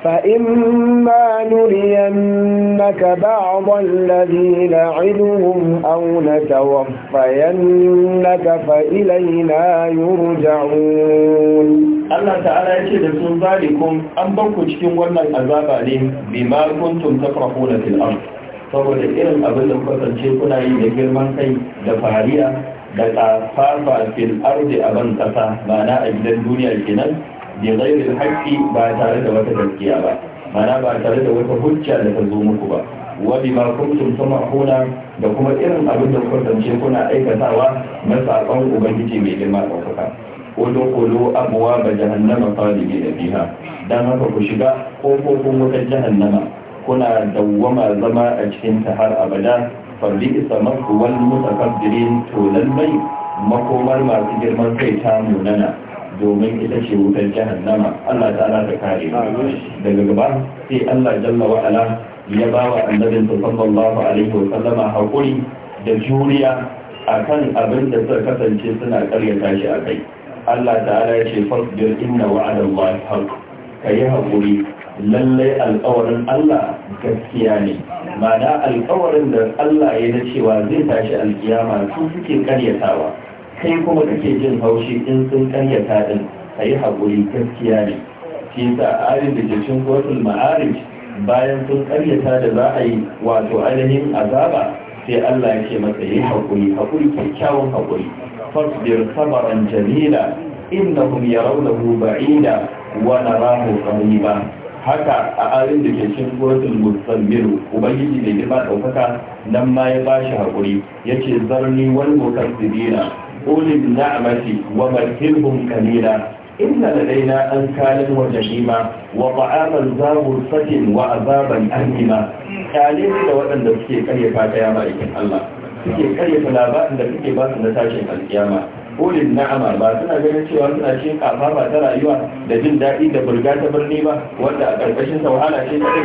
فإما نرينك بعض الذي نعدهم أو نتوفينك فإلينا يرجعون Allah ta'ala ya ce da sun zalikum an banku cikin wannan azaba ne bima kuntum tafrahuna fil ard saboda irin abin da kasance kuna yi da girman kai da fariya da kafafa fil a aban kasa ma'ana a gidan duniya kenan bi ghairi ba tare da wata gaskiya ba mana ba tare da wata hujja da ta zo muku ba wa bima kuntum tumahuna da kuma irin abin da kuka zance kuna aikatawa na sakon ubangiji mai girma ɗaukaka udkhulu abwaaba jahannama khalidina fiha dan haka ku shiga kofofin wutar jahannama kuna dawwama zama a cikin ta har abada farli isa masu wal mutakabbirin to lallai makomar masu girman kai ta munana domin ita ce wutar jahannama Allah ala ta kare daga gaba sai Allah jalla wa ala ya ba wa annabin sallallahu alaihi wa sallama hakuri da juriya akan abin da suka kasance suna karyata shi a kai Allah ta'ala ya ce fasbir inna wa'ada Allah haqq kayi hakuri lallai alƙawarin Allah gaskiya ne ma'ana alƙawarin da Allah ya na cewa zai tashi alkiyama su suke karyatawa kai kuma kake jin haushi in sun karyata din a yi haƙuri gaskiya ne shi a arin da ke kotun ma'arij bayan sun karyata da za a yi wato ainihin azaba sai Allah ya ce masa yi haƙuri haƙuri kyakkyawan haƙuri fasbir sabaran jamila innahum yarawnahu ba'ida wa narahu qariba haka a arin da ke cikin suratul ubangiji da ba ɗaukaka nan ma ya bashi hakuri yace zarni wal mukazzibina قول النعمة ومكرهم قليلا إن لدينا أنكالا وجحيما وطعاما ذا غرفة وعذابا أهلما قالين لو أن تسكي كيفا كيما إكن الله تسكي كيفا لا بأس أن تسكي بأس أن تاشي القيامة kolin na'ama ba suna ganin cewa suna cin kafa ta rayuwa da jin daɗi da burga ta birni ba wanda a ƙarƙashin sa wahala ce kaɗai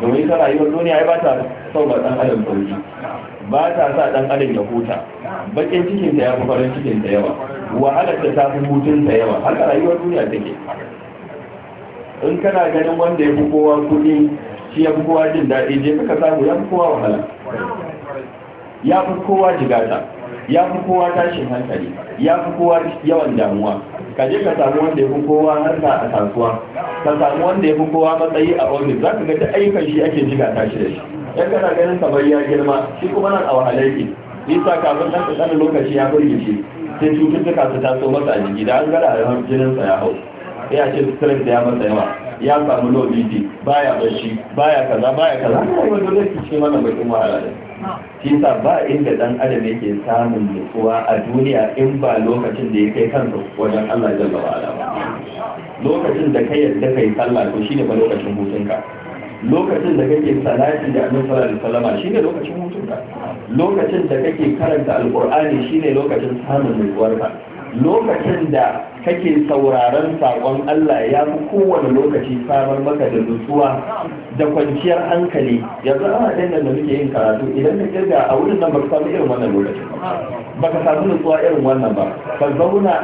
domin ta rayuwar duniya ya ba ta sau ba ɗan ba ta sa dan adam ya huta bakin cikin ta fi farin cikin ta yawa wahalar ta fi hutun ta yawa haka rayuwar duniya take in kana ganin wanda ya fi kowa kuɗi shi ya fi kowa jin daɗi je ka samu ya fi kowa wahala ya fi kowa jigata ya fi kowa tashin hankali ya fi kowa yawan damuwa ka je ka samu wanda ya fi kowa harka a kasuwa ka samu wanda ya fi kowa matsayi a ofis za ka ga ta ayyukan shi ake jigata shi da shi dan kana ganin kamar ya girma shi kuma nan a wahalar ke isa kafin dan ƙasar lokaci ya burge shi sai cututtuka su taso masa a jiki da an gara a jinin sa ya hau ya ce stress da ya masa yawa ya samu low bp baya bacci baya kaza baya kaza ana yi wanda zai mana mai kuma da shi sa ba inda dan adam yake samun nutsuwa a duniya in ba lokacin da ya kai kansa wajen Allah jalla wa ala lokacin da kai yadda kai sallah to shine ba lokacin hutunka lokacin da kake salati da annabi sallallahu alaihi wasallam shine lokacin hutunka lokacin da kake karanta alqur'ani shine lokacin samun nutsuwarka lokacin da kake sauraron sakon Allah ya fi kowane lokaci samar maka da nutsuwa da kwanciyar hankali yanzu a ɗin da muke yin karatu idan ka kirga a wurin nan baka samu irin wannan lokacin ba ka samu nutsuwa irin wannan ba ka zauna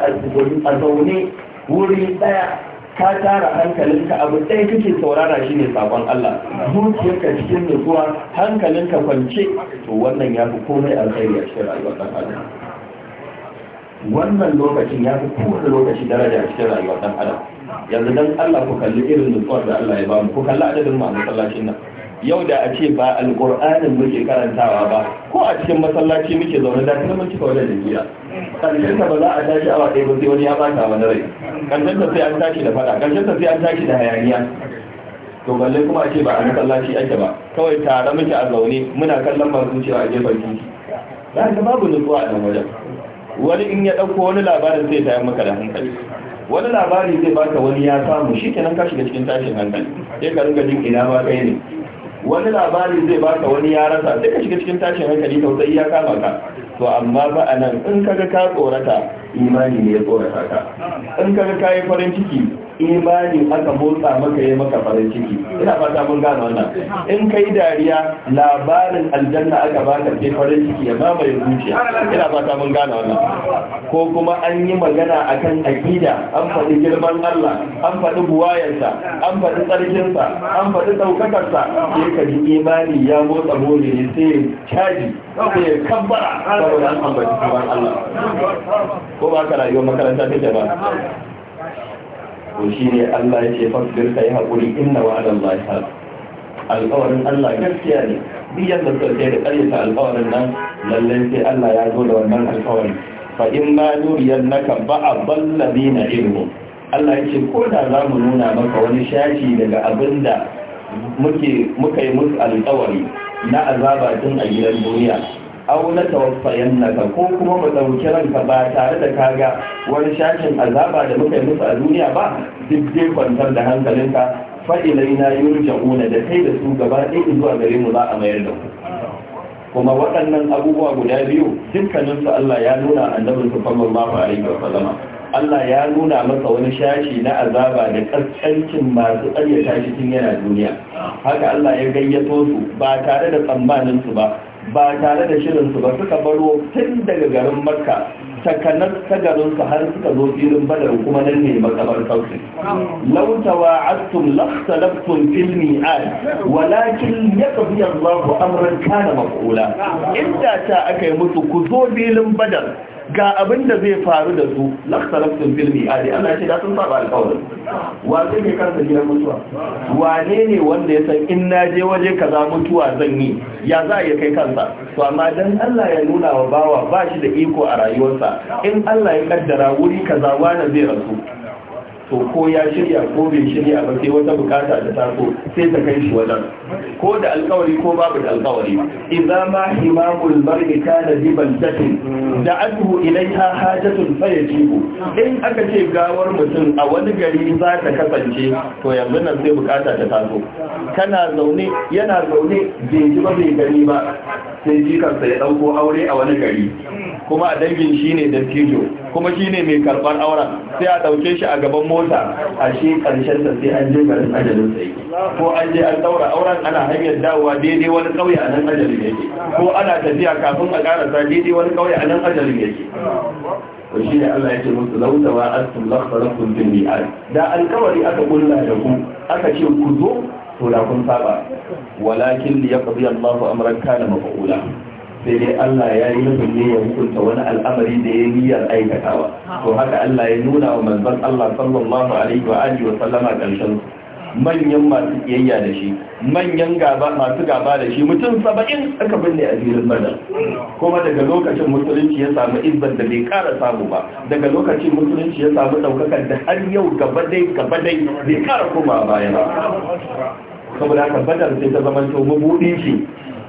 a zaune wuri daya ka tara hankalinka abu ɗaya kake saurara shi ne sakon Allah zuciyarka cikin nutsuwa hankalinka kwance to wannan ya fi komai alkhairi a cikin rayuwar ɗan adam wannan lokacin ya fi kowane lokaci daraja a cikin rayuwar ɗan adam yanzu dan Allah ku kalli irin nutsuwar da Allah ya bamu ku kalli adadin masu masallacin nan yau da a ce ba alƙur'anin muke karantawa ba ko a cikin masallaci muke zaune da kuma mun cika wajen jiya karshen ba za a tashi awa ɗaya ba sai wani ya ta wani rai karshen sai an tashi da fada karshen sai an tashi da hayaniya to balle kuma a ce ba a masallaci ake ba kawai tare muke a zaune muna kallon masu cewa a gefen titi za ka babu nutsuwa a nan wajen wani in ya ɗauko wani labarin sai tayar maka da hankali wani labari zai baka wani ya samu shi kenan ka shiga cikin tashin hankali sai ka ringa jin ina ma kai ne wani labari zai baka wani ya rasa sai ka shiga cikin tashin hankali tausayi ya kama ka to amma ba a nan in kaga ka tsorata imani ne ya tsorata ka in kaga ka yi farin ciki imani aka motsa maka yi maka farin ciki ina fata mun gano wannan in kai dariya labarin aljanna aka baka sai farin ciki ya mamaye zuciya ina fata mun gano wannan ko kuma an yi magana akan akida an faɗi girman Allah an faɗi buwayarsa an faɗi tsarkinsa an faɗi ɗaukakarsa sai ka ji imani ya motsa gobe ne sai caji sai ya kabbara saboda an ambaci girman Allah ko ba ka rayuwar makaranta take ba to shi ne Allah ya ce fasbir kai haƙuri inna wa'adan Allah ya alƙawarin Allah gaskiya ne duk yadda sarkai da ƙaryata alƙawarin nan lallai sai Allah ya zo da wannan alƙawari fa in ma a ba'a ballabina ilmu Allah ya ce ko da za mu nuna maka wani shashi daga abinda muke muka yi musu alƙawari na azaba tun a gidan duniya au na tawaffayan naka ko kuma ba ɗauki ranka ba tare da kaga wani shashin azaba da muka yi musu a duniya ba duk dai kwantar da hankalinka na fa'ilaina yurja'una da kai da su gaba ɗaya zuwa gare mu za a mayar da ku kuma waɗannan abubuwa guda biyu dukkaninsu Allah ya nuna annabin su sallallahu alaihi wa sallama Allah ya nuna masa wani shashi na azaba da kaskancin masu ƙaryata shi tun yana duniya haka Allah ya gayyato su ba tare da tsammanin su ba ba tare da shirinsu ba suka baro tun daga garin makka takanar ta garinsu har suka zo filin badar kuma nan ne makabar kausin lau lafta-laftun fil mi'ad walakin yaqdi Allahu amran da maf'ula inda ta akai musu ku zo filin badar ga abin da zai faru da su laksalaftun filmi a da yana ce da sun saba alkawarin wane ne gidan mutuwa wane ne wanda ya san in na je waje kaza mutuwa zan yi ya za a ya kai kansa to amma don Allah ya nuna wa bawa ba shi da iko a rayuwarsa in Allah ya kaddara wuri kaza wani zai rasu to ko ya shirya ko bai shirya ba sai wata bukata da taso sai ta kai shi wajen ko da alkawari ko babu da alkawari idza ma himamul mar'i kana bi baldatin da'atuhu ilaiha hajatun fayajibu in aka ce gawar mutum a wani gari za ta kasance to yanzu nan sai bukata ta taso kana zaune yana zaune bai ji ba bai gani ba sai kansa ya dauko aure a wani gari kuma a dangin shine dattijo kuma shine mai karbar auren sai a dauke shi a gaban mota a shi karshen sai an je garin ajalin sai ko an je an daura auren ana hanyar dawowa daidai wani kauye a nan ajalin yake ko ana tafiya kafin a karasa daidai wani kauye a nan ajalin yake to shi ne Allah ya ce musu lauta wa astum lakharakum bil mi'ad da alkawari aka kulla da ku aka ce ku zo to da kun saba walakin liyaqdi Allahu amran kana maf'ula sai dai Allah ya yi nufin ne ya hukunta wani al'amari da ya niyyar aikatawa to haka Allah ya nuna wa manzon Allah sallallahu alaihi wa alihi wa sallama karshen manyan masu kiyayya da shi manyan gaba masu gaba da shi mutum saba'in aka binne a filin badar kuma daga lokacin musulunci ya samu izzar da bai kara samu ba daga lokacin musulunci ya samu daukakar da har yau gaba dai gaba dai bai kara koma baya ba saboda haka badar sai ta zama to mabudin shi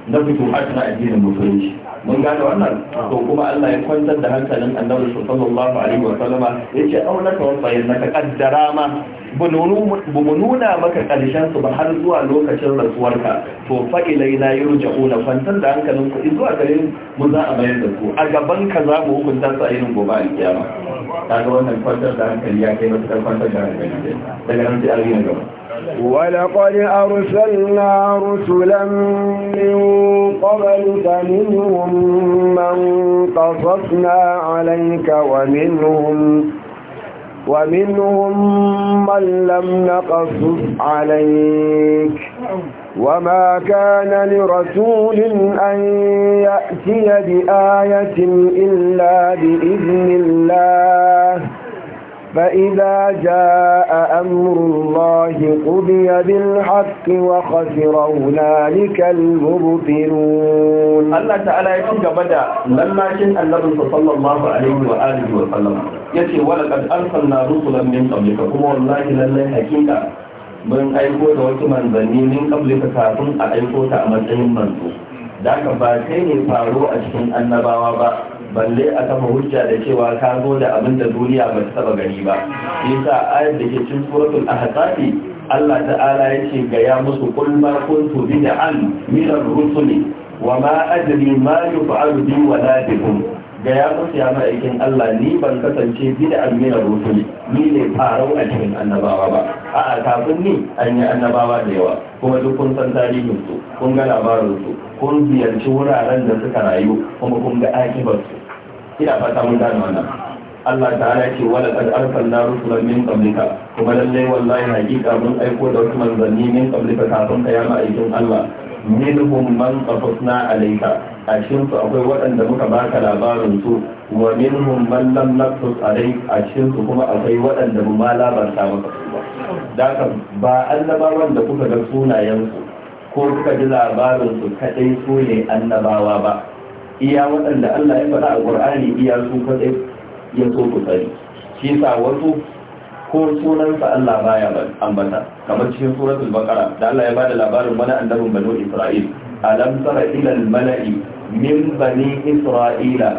na fituhat na addinin musulunci mun gane wannan to kuma Allah ya kwantar da hankalin annabi sallallahu alaihi wa sallama yace auna ka wasayin na ka kaddara ma bamu nuna maka karshen su ba har zuwa lokacin rasuwarka to fa ilaina yurja'una kwantar da hankalin ku zuwa gare mu za a bayar da ku a gaban ka za mu hukunta su a irin gobe alkiyama kaga wannan kwantar da hankali ya kai matuƙar kwantar da hankali daga nan sai a gaba ولقد أرسلنا رسلا من قبلك منهم من قصصنا عليك ومنهم ومنهم من لم نقصص عليك وما كان لرسول أن يأتي بآية إلا بإذن الله فإذا جاء أمر الله قضي بالحق وخسر هنالك المبطلون الله تعالى يقول بدا لما كان النبي صلى الله عليه وآله وسلم يتي ولقد أرسلنا رسلا من قبلك كما والله لله حقيقة من أيكو دوت منزلي من قبلك كافن أيكو تأمتهم منزل ذاك باتين فارو أجهن النباوة balle a kama hujja da cewa ka zo da abin da duniya ba ta taba gani ba yasa ayar da ke cikin suratul ahzab Allah ta'ala yace ga ya musu kul ma kuntu bid'an min ar-rusuli wa ma adri ma yuf'alu bi wala bikum ga ya musu ya ma'aikin Allah ni ban kasance bid'an min ar-rusuli ni ne farau a cikin annabawa ba a'a kafin ni an yi annabawa da yawa kuma duk kun san tarihin kun ga labarin su kun ziyarci wuraren da suka rayu kuma kun ga akibar ina fata mun gane wannan Allah ta'ala ce wala qad arsalna rusulan min qablika kuma lallai wallahi hakika mun aiko da wasu manzanni min qablika kafin kai yama aikin Allah minhum man qasasna alayka a cikin su akwai waɗanda muka baka labarin su wa minhum man lam naqsus alayk a cikin su kuma akwai waɗanda mu ma labarta maka su ba da ba annabawan da kuka ga sunayen su ko kuka ji labarin su kadai su ne annabawa ba iya waɗanda Allah ya faɗa a ƙur'ani iya su kadai ya so ku tsari shi sa wasu ko sunansa Allah baya ambata kamar cikin suratul baqara da Allah ya bada labarin wani annabin banu Isra'il alam tara ila al-mala'i min bani Isra'ila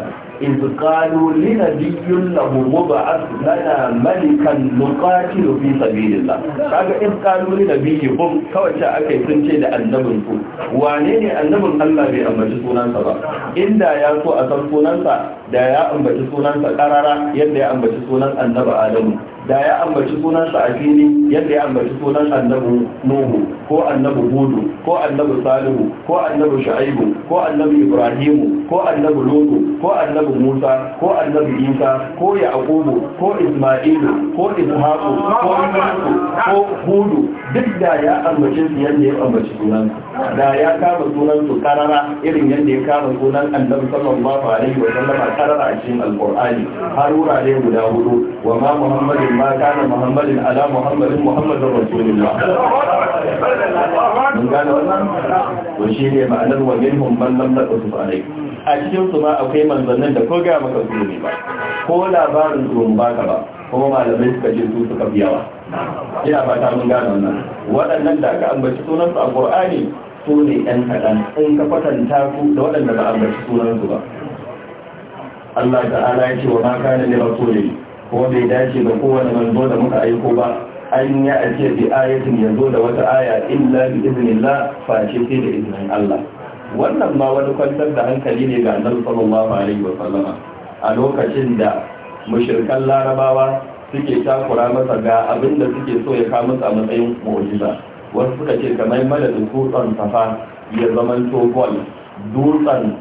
إذ قالوا لنبي له مبعث لنا ملكا نقاتل في سبيل الله kaga in qalu li nabiyihum kawai ta akai sun ce da annabin ku wane ne annabin Allah bai ambaci sunansa ba inda ya so a san sunansa da ya ambaci sunansa karara yadda ya ambaci sunan annabi Adamu da ya ambaci sunansa a fili yadda ya ambaci sunan Annabu nuhu ko Annabu hudu ko Annabu salihu ko Annabu shu'aibu ko Annabu ibrahimu ko Annabu lutu ko Annabu musa ko Annabu isa ko yaqubu ko isma'ilu ko ishaqu ko ibrahimu ko hudu duk da ya ambaci su yadda ya ambaci sunansa da ya kama sunansu karara irin yadda ya kama sunan annabi sallallahu alaihi wa sallam karara a cikin alqur'ani har wurare guda hudu wa ma muhammadin ma kana muhammadin ala muhammadin muhammadin rasulullah mun gane wannan to shi ne ma'anar wa minhum man lam taqsuf alayk a cikin su ma akwai manzannin da ko ga maka su ne ba ko labarin su ba ka ba kuma malamai suka je su suka biyawa ina fata mun gane wannan waɗannan da aka ambaci sunan a qur'ani su ne ɗan kaɗan da waɗanda ba ambaci ba Allah ta'ala ya ce wa ko bai dace ga kowane manzo da muka aiko ba an ya ake bi ayatin yanzu da wata aya illa bi iznillah face sai da izinin Allah wannan ma wani kwantar da hankali ne ga annabi sallallahu alaihi wa sallama a lokacin da mushrikan larabawa suke takura masa ga abin da suke so ya kawo musu a matsayin mu'jiza wasu suka ce kamar madadin dutsen safa ya zamanto gol dutsen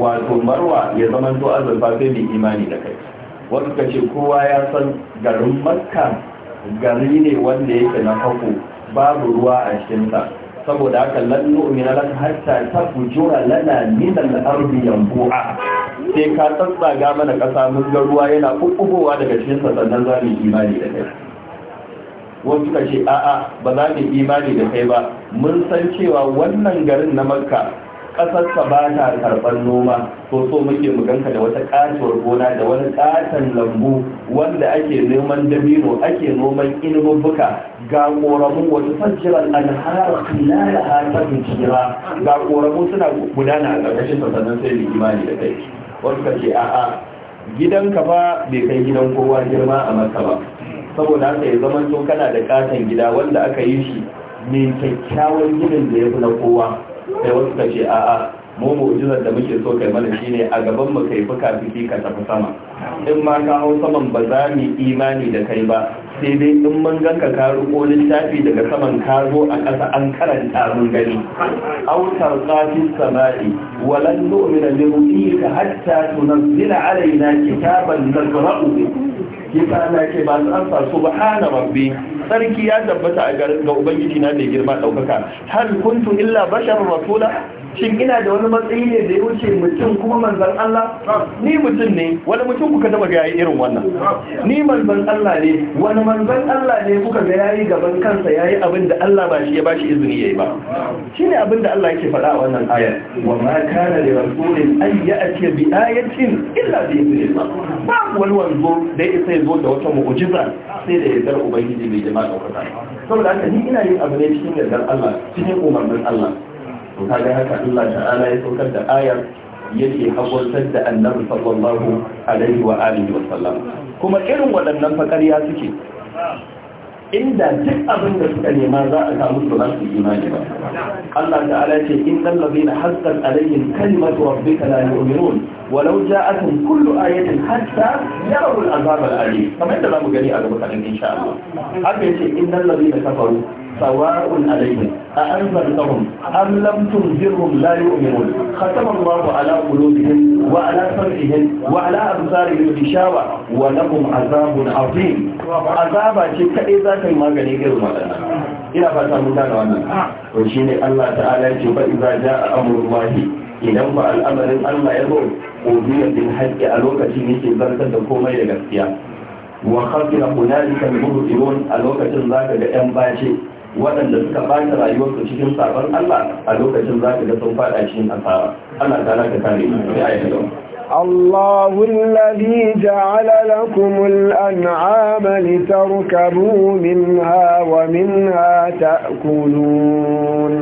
wato marwa ya zamanto azurfa sai mai imani da kai wasu ka kowa ya san garin makka gari ne wanda yake na fako babu ruwa a cikinsa saboda haka lannu nu'mina lak hatta tafjura lana min al-ardi yanbu'a sai ka tsatsaga mana kasa mun ga ruwa yana kukkubowa daga cikin sa sannan za mu imani da kai Wani ka a'a ba za mu imani da kai ba mun san cewa wannan garin na makka kasarsa ba ta karɓar noma to so muke muganka da wata ƙatuwar gona da wani ƙaton lambu wanda ake neman dabino ake noman inububbuka ga ƙoramu wata fajjiran alhara da hatarin jira ga ƙoramu suna gudana a ƙarƙashin sannan sai mai imani da kai wasu ka ce a'a gidanka ba bai kai gidan kowa girma a maka ba saboda haka ya zama to kana da ƙaton gida wanda aka yi shi mai kyakkyawan ginin da ya fi na kowa sai wasu ka ce a'a mu mu'jizar da muke so kai mana shine a gaban mu kai fuka fiki ka tafi sama in ma ka hau saman ba za mu imani da kai ba sai dai in mun ganka ka riko littafi daga saman ka zo a ƙasa an karanta mun gani autar qafis samai walan nu'mina bi ru'yika hatta tunzila alaina kitaban nazra'u shi ba Allah ce ba an sa subhana rabbi sarki ya tabbata a ga ubangiji na mai girma daukaka hal kuntu illa bashar rasula shin ina da wani matsayi ne da ya wuce mutum kuma manzan Allah ni mutum ne wani mutum kuka taba ga irin wannan ni manzan Allah ne wani manzan Allah ne kuka ga yayi gaban kansa yayi abin da Allah ba shi ya bashi izini yayi ba ne abin da Allah yake faɗa a wannan ayar wa ma kana li rasulin an ya'ti bi ayatin illa bi idhnillah ba wani wanzo da ya isa ya zo da wata mu'ujiza sai da yardar ubangiji mai jama'a ɗaukaka saboda haka ni ina yin abu ne cikin yardar Allah cikin umarnin Allah to kaga haka Allah ta'ala ya saukar da ayar yake hakurtar da annabi sallallahu alaihi wa alihi wa sallam kuma irin waɗannan fakariya suke inda duk abin da suka nema za a samu su su imani ba Allah ta'ala ce in allazina haqqat alaihim kalimatu rabbika la yu'minun walau ja'atuhum kullu ayatin hatta yarawul azab al-alim kamar da zamu gani a gaba kadan insha Allah haka yace in allazina kafaru sawa'un alaikum a anzartahum am lam tunzirhum la yu'minun khatama Allahu ala qulubihim wa ala sam'ihim wa ala absarihim bishawa wa lahum azabun azim azaba ce kai za kai magani ga wannan ina fata mun gane wannan to shine Allah ta'ala ya ce ba idza ja'a amrullahi idan ba al'amarin Allah ya zo ubiya bin haqqi a lokacin yake zartar da komai ya gaskiya wa khafira hunalika al-mubtilun a lokacin zaka ga yan bace waɗanda suka ɓata rayuwarsu cikin sabon Allah a lokacin za ka ga sun faɗa cikin asara Allah ta ka kare mu sai ayi gaba الله الذي جعل لكم الأنعام لتركبوا منها ومنها تأكلون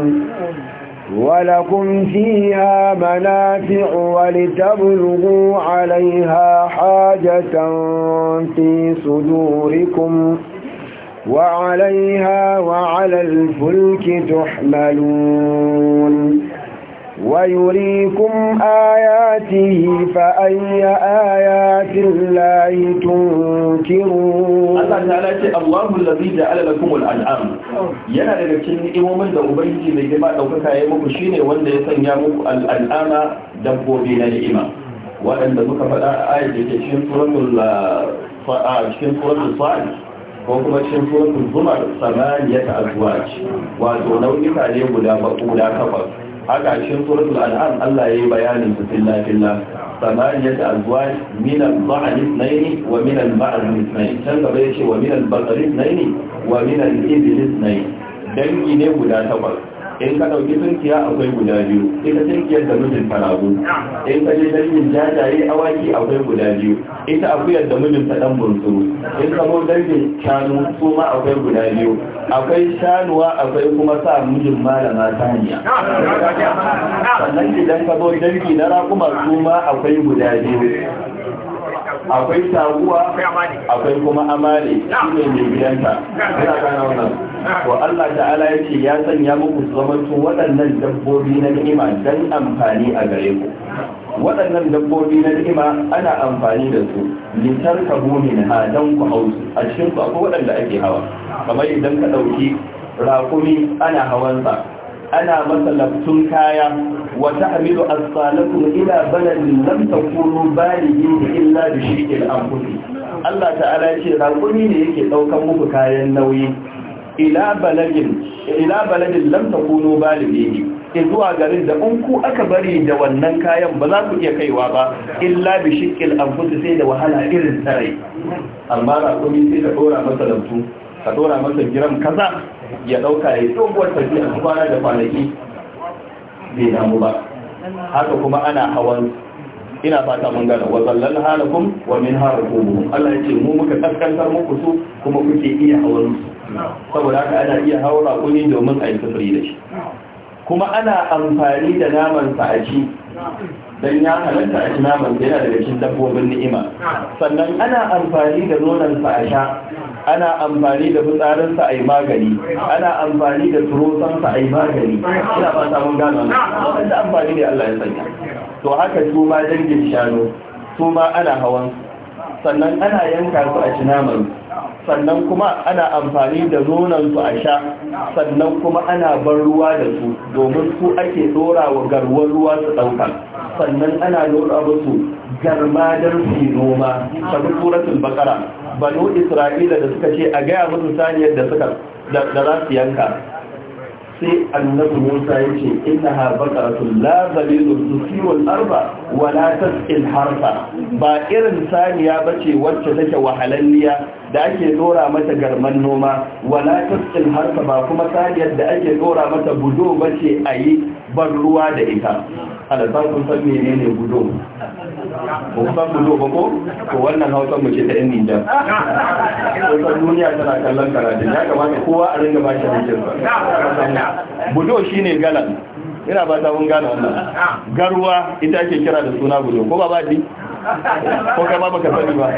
ولكم فيها منافع ولتبلغوا عليها حاجة في صدوركم ولكم وعليها وعلى الفلك تحملون ويريكم آياته فأي آيات الله تنكرون الله تعالى الله الذي جعل لكم الأنعام yana da cikin imomin da ubangiji mai girma ɗaukaka ya muku shine wanda ya sanya muku al'ama dabbobi na ni'ima waɗanda muka faɗa a ayat cikin ko kuma cikin suratul zumar samaniyata azwaj wato nau'ika ne guda baku da takwas haka cikin suratul an'am Allah yayi bayanin su filla filla samaniyata azwaj min al-dha'n ithnayn wa min al-ba'd ithnayn can gaba yace wa min al-baqar ithnayn wa min al-ibil ithnayn dangi ne guda takwas in ka ɗauki turkiya akwai guda biyu ita turkiyar da mijin faragu in ka je dangin jajaye awaki akwai guda biyu ita akuyar da mijin ta ɗan burtu in ka bo dangin shanu su ma akwai guda biyu akwai shanuwa akwai kuma sa mijin malama saniya sannan idan ka zo dangi na raƙuma su ma akwai guda biyu akwai taguwa akwai kuma amali shi ne mai ina kana wannan to Allah ta'ala ya ce ya sanya muku su zamanto waɗannan dabbobi na ni'ima dan amfani a gare ku waɗannan dabbobi na ni'ima ana amfani da su litar ka gumi na dan ku hausu a cikin ku akwai waɗanda ake hawa kamar idan ka ɗauki rakumi ana hawansa ana masa kaya wa ta'milu asfalakum ila baladin lam takunu balighi illa bi shiqil anfusi Allah ta'ala ce rakumi ne yake daukan muku kayan nauyi ila baladin ila baladin lam takunu zuwa garin da in ku aka bari da wannan kayan ba za ku iya kaiwa ba illa bi shiqil anfusi sai da wahala irin sarai amma raƙumi sai da ɗora masa ka dora masa giram kaza ya dauka ya yi. doguwar tafiya a kwana da kwanaki bai damu ba haka kuma ana hawan ina fata mun gana wa zallal halakum wa min harakum Allah ya ce mu muka kaskantar muku su kuma kuke iya hawan su saboda haka ana iya hawa rakuni domin a yi sufuri da shi kuma ana amfani da naman sa a ci don ya halatta a ci naman sa yana daga cikin dabbobin ni'ima sannan ana amfani da nonon sa a sha ana amfani da fitsarinsa a yi magani ana amfani da turosansa a yi magani ina ba ta mun gano wanda amfani ne Allah ya sanya to haka su ma dangin shanu su ma ana hawan sannan ana yanka su a cinamaru sannan kuma ana amfani da su a sha sannan kuma ana ban ruwa da su domin su ake dora wa garwar ruwa su dauka sannan ana dora musu garma don su noma sabi suratul bakara banu isra'ila da suka ce a gaya musu saniyar da suka da za su yanka sai annabi musa ya ce inna ha baqaratun la zalilu tusiwal arba wa la tasqil harfa ba irin saniya bace wacce take wahalalliya da ake dora mata garman noma wala tasqil harfa ba kuma saniyar da ake dora mata budo bace ayi ban ruwa da ita alasan kun san mene ne gudu Ko ku san gudu ba ko ko wannan hausa mu ce ta yan ko kusan duniya tana kallon karatun ya kamata kowa a ringa ba shi hancin sa gudu shine galan ina ba ta mun gane wannan garwa ita ake kira da suna gudu ko ba di ko ka ba baka sani ba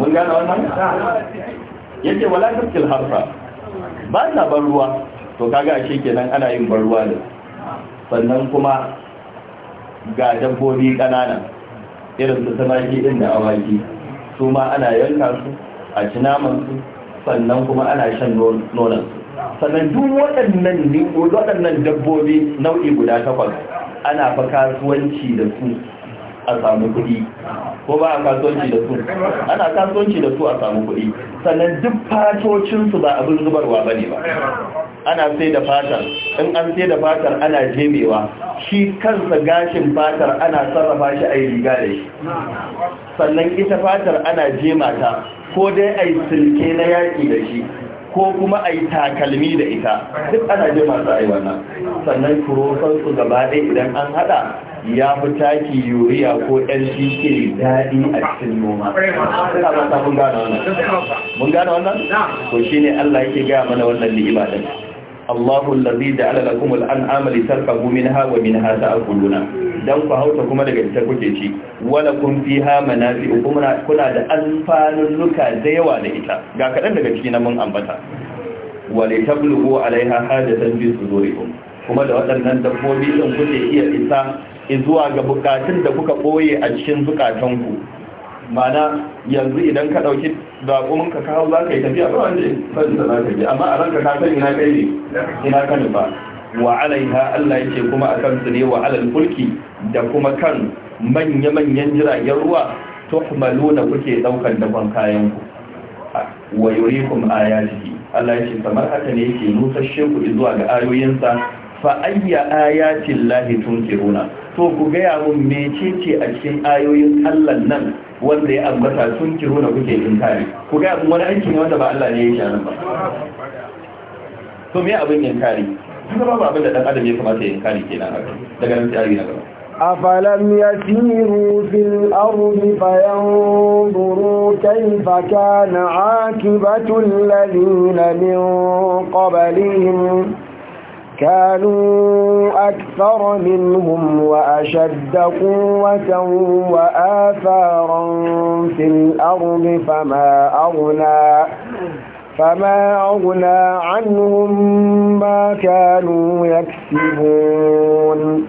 mun gane wannan yake wala tafkil harfa ba ta ban ruwa to kaga ashe kenan ana yin barwa ne sannan kuma ga dabbobi ƙanana irin su samaki din da awaki su ma ana yanka su a ci naman su sannan kuma ana shan nonon su sannan duk waɗannan waɗannan dabbobi nau'i guda takwas ana fa kasuwanci da su a samu kuɗi ko ba a kasuwanci da su ana kasuwanci da su a samu kuɗi sannan duk su ba abin zubarwa ba ne ba ana sai da fatar in an sai da fatar ana jemewa shi kansa gashin fatar ana sarrafa shi a yi riga da shi sannan ita fatar ana jema ta ko dai a yi silke na yaki da shi ko kuma a yi takalmi da ita duk ana jema su a yi wannan sannan su gaba ɗaya idan an haɗa ya fi taki yuriya ko cikin daɗi a cikin noma Suna mun gane wannan? mun to shi ne allah yake gaya mana wannan ni'ima din Allahu allazi ja'ala lakum al-an'ama litarkabu minha wa dan ku hauta kuma daga ita kuke ci wala kun fiha manafi'u kuma kuna da luka da yawa da ita ga kadan daga cikin mun ambata wa litablugu 'alayha hajatan fi sudurikum kuma da waɗannan dabbobi din kuke iya isa zuwa ga bukatun da kuka boye a cikin ku. ma'ana yanzu idan ka ɗauki baƙumin ka kawo za ka yi tafiya ba wanda sanin da za ka yi amma a ranka ka san ina kai ne ina ka nufa wa alaiha Allah yake kuma a kan su ne wa alal fulki da kuma kan manya-manyan jiragen ruwa luna kuke ɗaukar dabon kayan ku wa yurikum jiki Allah yake kamar haka ne yake nusashe ku zuwa ga ayoyinsa fa ayya ayatin lahi tunkiruna to ku ga mun mecece a cikin ayoyin Allah nan wanda ya ambata sun kiro na kuke inkari ku ga abin wani aiki ne wanda ba Allah ne ya yi nan ba to me abin inkari kuma babu abin da dan adam ya kamata ya inkari kenan daga nan sai na gaba أفلم يسيروا في الأرض فينظروا كيف كان عاكبة الذين من قبلهم كانوا أكثر منهم وأشد قوة وآثارا في الأرض فما أغنى فما أغنى عنهم ما كانوا يكسبون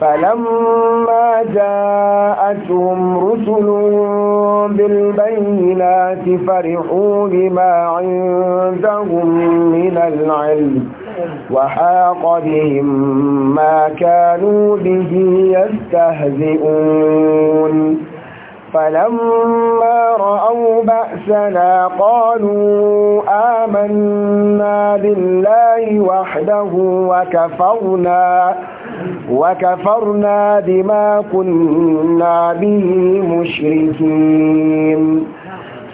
فلما جاءتهم رسل بالبينات فرحوا بما عندهم من العلم وحاق بهم ما كانوا به يستهزئون فلما رأوا بأسنا قالوا آمنا بالله وحده وكفرنا وكفرنا بما كنا به مشركين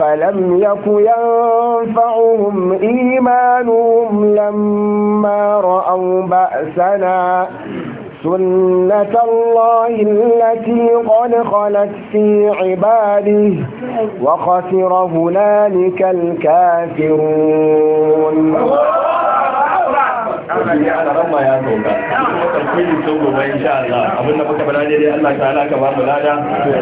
فلم يك ينفعهم إيمانهم لما رأوا بأسنا سنة الله التي قد خلت في عباده وخسر هنالك الكافرون ne a ma ya sauka tafsiri sun gobe insha Allah abin da muka bada dai Allah ta alaka ba mu lada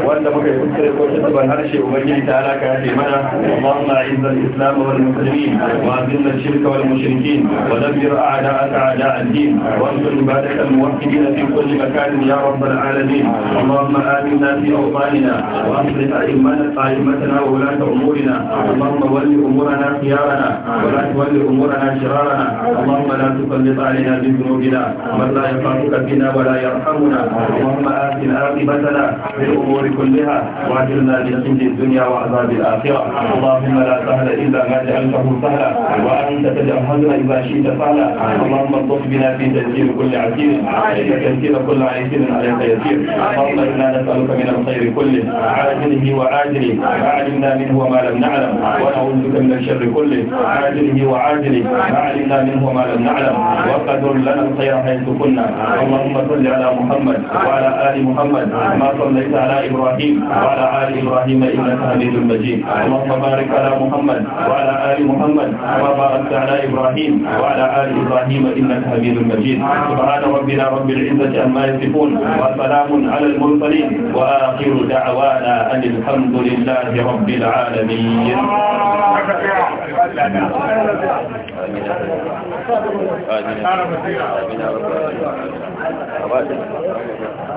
wanda muka yi kuskure ko shi ban harshe ubangiji ta alaka ya ce mana Allahumma izz al-islam wal muslimin wa azil al-shirka wal mushrikin wa dabbir a'da'aka a'da' ad-din wa ansur ibadak al-muwahhidin fi kulli makan ya rabb al-alamin Allahumma آمنا في أوطاننا وأصلح أئمتنا أئمتنا وولاة أمورنا اللهم ول أمورنا خيارنا ولا تول أمورنا شرارنا اللهم لا تسلط تسلط علينا بذنوبنا من لا يخافك بنا ولا يرحمنا اللهم ات عاقبتنا في الأمور كلها واجرنا من خزي الدنيا وعذاب الآخرة اللهم لا سهل إلا ما جعلته سهلا وأنت تجهزنا إذا شئت سهلا اللهم اطلب بنا في تسجيل كل عسير عليك تسجيل كل عسير عليك يسير اللهم إنا نسألك من الخير كله عاجله وعاجله علمنا منه وما لم نعلم ونعوذ بك من الشر كله عاجله وعاجله علمنا منه وما لم نعلم وقد لنا الخير حيث كنا اللهم صل على محمد وعلى آل محمد ما صليت على إبراهيم وعلى آل إبراهيم إنك حميد مجيد اللهم بارك على محمد وعلى آل محمد كما باركت على إبراهيم وعلى آل إبراهيم إنك حميد مجيد سبحان ربنا رب العزة عما يصفون وسلام على المرسلين وآخر دعوانا أن الحمد لله رب العالمين آمين آه. ƙara basira